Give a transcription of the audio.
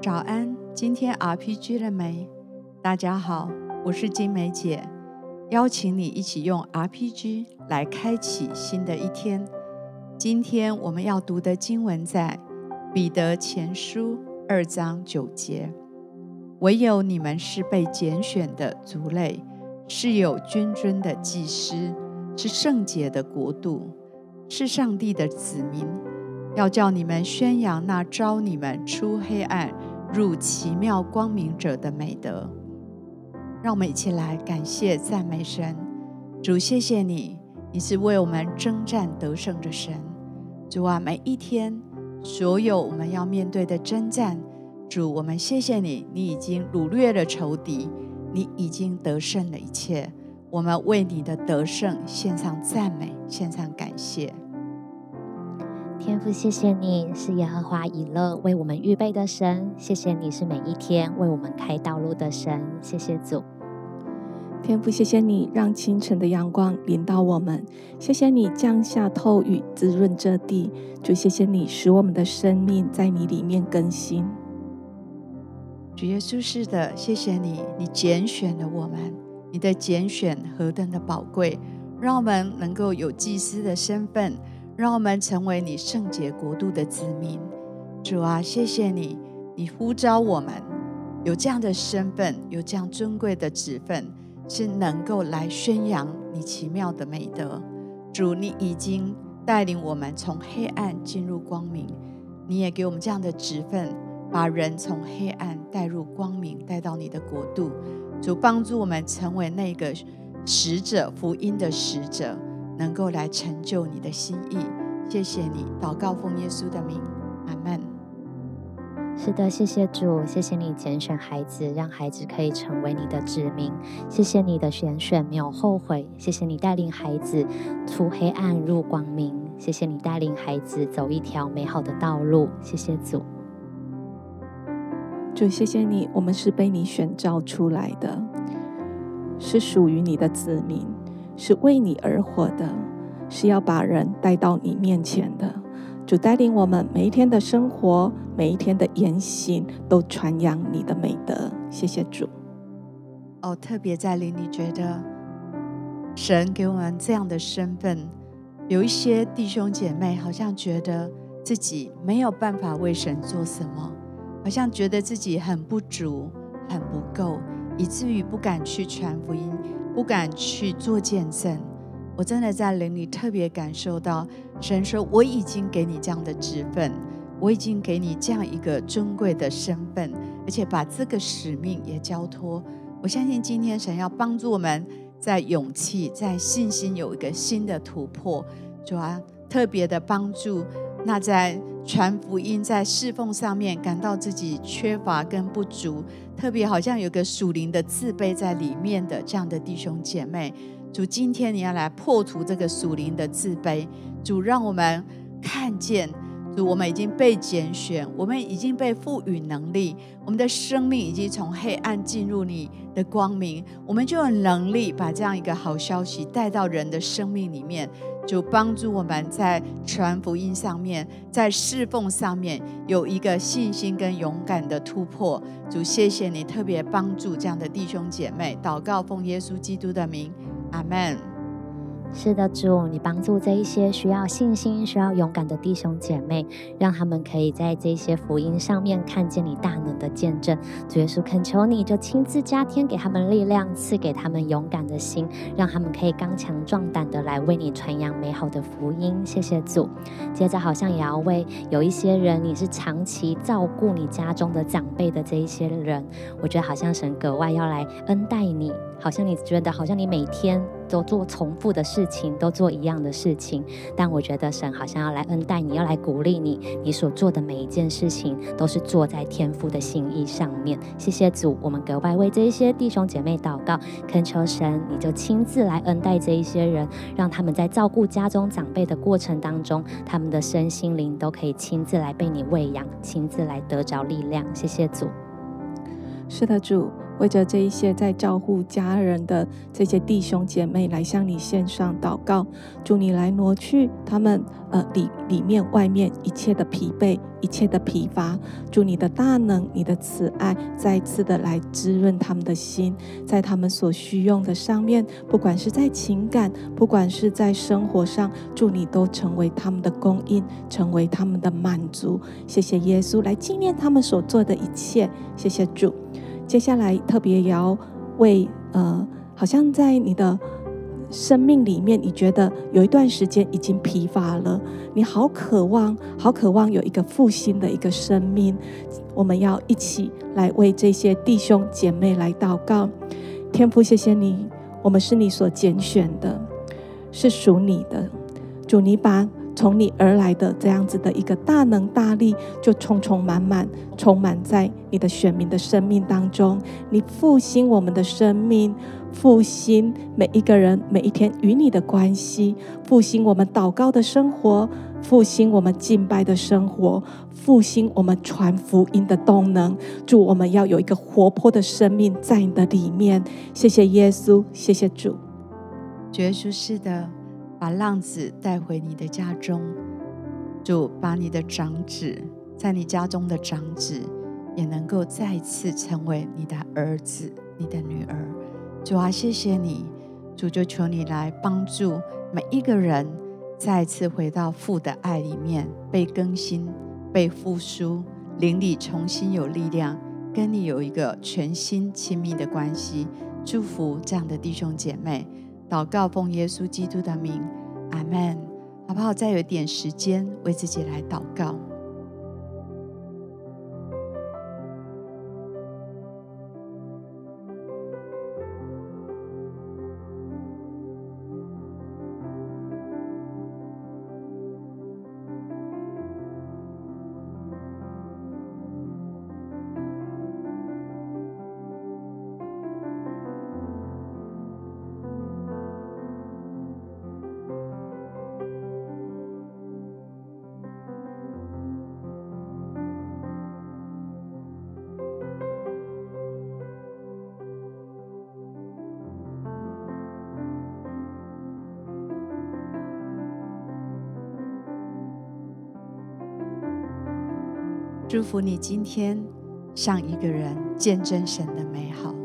早安，今天 RPG 了沒？大家好，我是晶玫姊，邀請你一起用 RPG 來開啟新的一天。今天我們要讀的經文在《彼得前書》二章九節：“唯有你們是被揀選的族類，是有君尊的祭司，是聖潔的國度，是上帝的子民。要叫你們宣揚那召你們出黑暗。”入奇妙光明者的美德，讓我們一起來感謝讚美神。主謝謝你，你是為我們征戰得勝的神。主啊！每一天，所有我們要面對的征戰，主，我們謝謝你，你已經擄掠了仇敵，你已經得勝了一切。我們為你的得勝獻上讚美，獻上感謝。天父，謝謝你是耶和華以勒，為我們預備的神，謝謝你是每一天為我們開道路的神，謝謝主。天父，謝謝你讓清晨的陽光臨到我們，謝謝你降下透雨滋潤這地，主謝謝你使我們的生命在你裡面更新。主耶穌，是的，謝謝你，你揀選了我們，你的揀選何等的寶貴，讓我們能夠有祭司的身份。讓我們成為你聖潔國度的子民，主啊，謝謝你，你呼召我們有這樣的身份，有這樣尊貴的職分，是能夠來宣揚你奇妙的美德。主，你已經帶領我們從黑暗進入光明，你也給我們這樣的職分，把人從黑暗帶入光明，帶到你的國度。主，幫助我們成為那個使者，福音的使者。能夠來成就你的心意，謝謝你，禱告奉耶穌的名，阿門。是的，謝謝主，謝謝你揀選孩子，讓孩子可以成為你的子民。謝謝你的選選，沒有後悔。謝謝你帶領孩子出黑暗入光明，謝謝你帶領孩子走一條美好的道路。謝謝主，主謝謝你，我們是被你選召出來的，是屬於你的子民。是為你而活的，是要把人帶到你面前的。主帶領我們每一天的生活，每一天的言行，都傳揚你的美德。謝謝主。哦，特別在裡，你覺得神給我們這樣的身份，有一些弟兄姐妹好像覺得自己沒有辦法為神做什麼，好像覺得自己很不足、很不夠，以至於不敢去傳福音。不敢去做見證，我真的在靈裡特別感受到，神說我已經給你這樣的職分，我已經給你這樣一個尊貴的身份，而且把這個使命也交托。我相信今天神要幫助我們在勇氣、在信心有一個新的突破，主啊，特別的幫助那在。傳福音在侍奉上面感到自己缺乏跟不足，特別好像有個屬靈的自卑在裡面的這樣的弟兄姐妹，主今天你要來破除這個屬靈的自卑，主讓我們看見。主，我們已經被揀選，我們已經被賦予能力，我們的生命已經從黑暗進入你的光明，我們就有能力把這樣一個好消息帶到人的生命裡面，主幫助我們在傳福音上面，在侍奉上面有一個信心跟勇敢的突破。主，謝謝你特別幫助這樣的弟兄姐妹，禱告奉耶穌基督的名，阿們。是的，主，你幫助這一些需要信心、需要勇敢的弟兄姐妹，讓他們可以在這些福音上面看見你大能的見證。主耶穌，懇求你，就親自加添給他們力量，賜給他們勇敢的心，讓他們可以剛強壯膽的來為你傳揚美好的福音。謝謝主。接着好像也要為有一些人，你是長期照顧你家中的長輩的這一些人，我覺得好像神格外要來恩待你，好像你覺得，好像你每天。都做重複的事情，都做一樣的事情，但我覺得神好像要來恩待你，要來鼓勵你。你所做的每一件事情，都是做在天父的心意上面。謝謝主，我們格外為這一些弟兄姐妹禱告，懇求神，你就親自來恩待這一些人，讓他們在照顧家中長輩的過程當中，他們的身心靈都可以親自來被你餵養，親自來得着力量。謝謝主。是的，主。為着這一些在照顧家人的這些弟兄姐妹，來向你獻上禱告，祝你來挪去他們呃裡裡面、外面一切的疲憊、一切的疲乏。祝你的大能、你的慈愛再次的來滋潤他們的心，在他們所需用的上面，不管是在情感，不管是在生活上，祝你都成為他們的供應，成為他們的滿足。謝謝耶穌，來紀念他們所做的一切。謝謝主。接下來特別也要為呃，好像在你的生命裡面，你覺得有一段時間已經疲乏了，你好渴望，好渴望有一個復興的一個生命。我們要一起來為這些弟兄姐妹來禱告。天父，謝謝你，我們是你所揀選的，是屬你的，主，你把。從你而來的這樣子的一個大能大力，就充充滿滿，充滿在你的選民的生命當中。你復興我們的生命，復興每一個人每一天與你的關係，復興我們禱告的生活，復興我們敬拜的生活，復興我們傳福音的動能。祝我們要有一個活潑的生命在你的裡面。謝謝耶穌，謝謝主。主耶穌是的。把浪子帶回你的家中，主把你的長子，在你家中的長子，也能夠再次成為你的兒子、你的女兒。主啊，謝謝你，主就求你來幫助每一個人，再次回到父的愛裡面，被更新、被復甦，靈裡重新有力量，跟你有一個全新親密的關係。祝福這樣的弟兄姐妹。禱告，奉耶穌基督的名，阿門。好不好？再有一點時間，為自己來禱告。祝福你今天像一個人見證神的美好。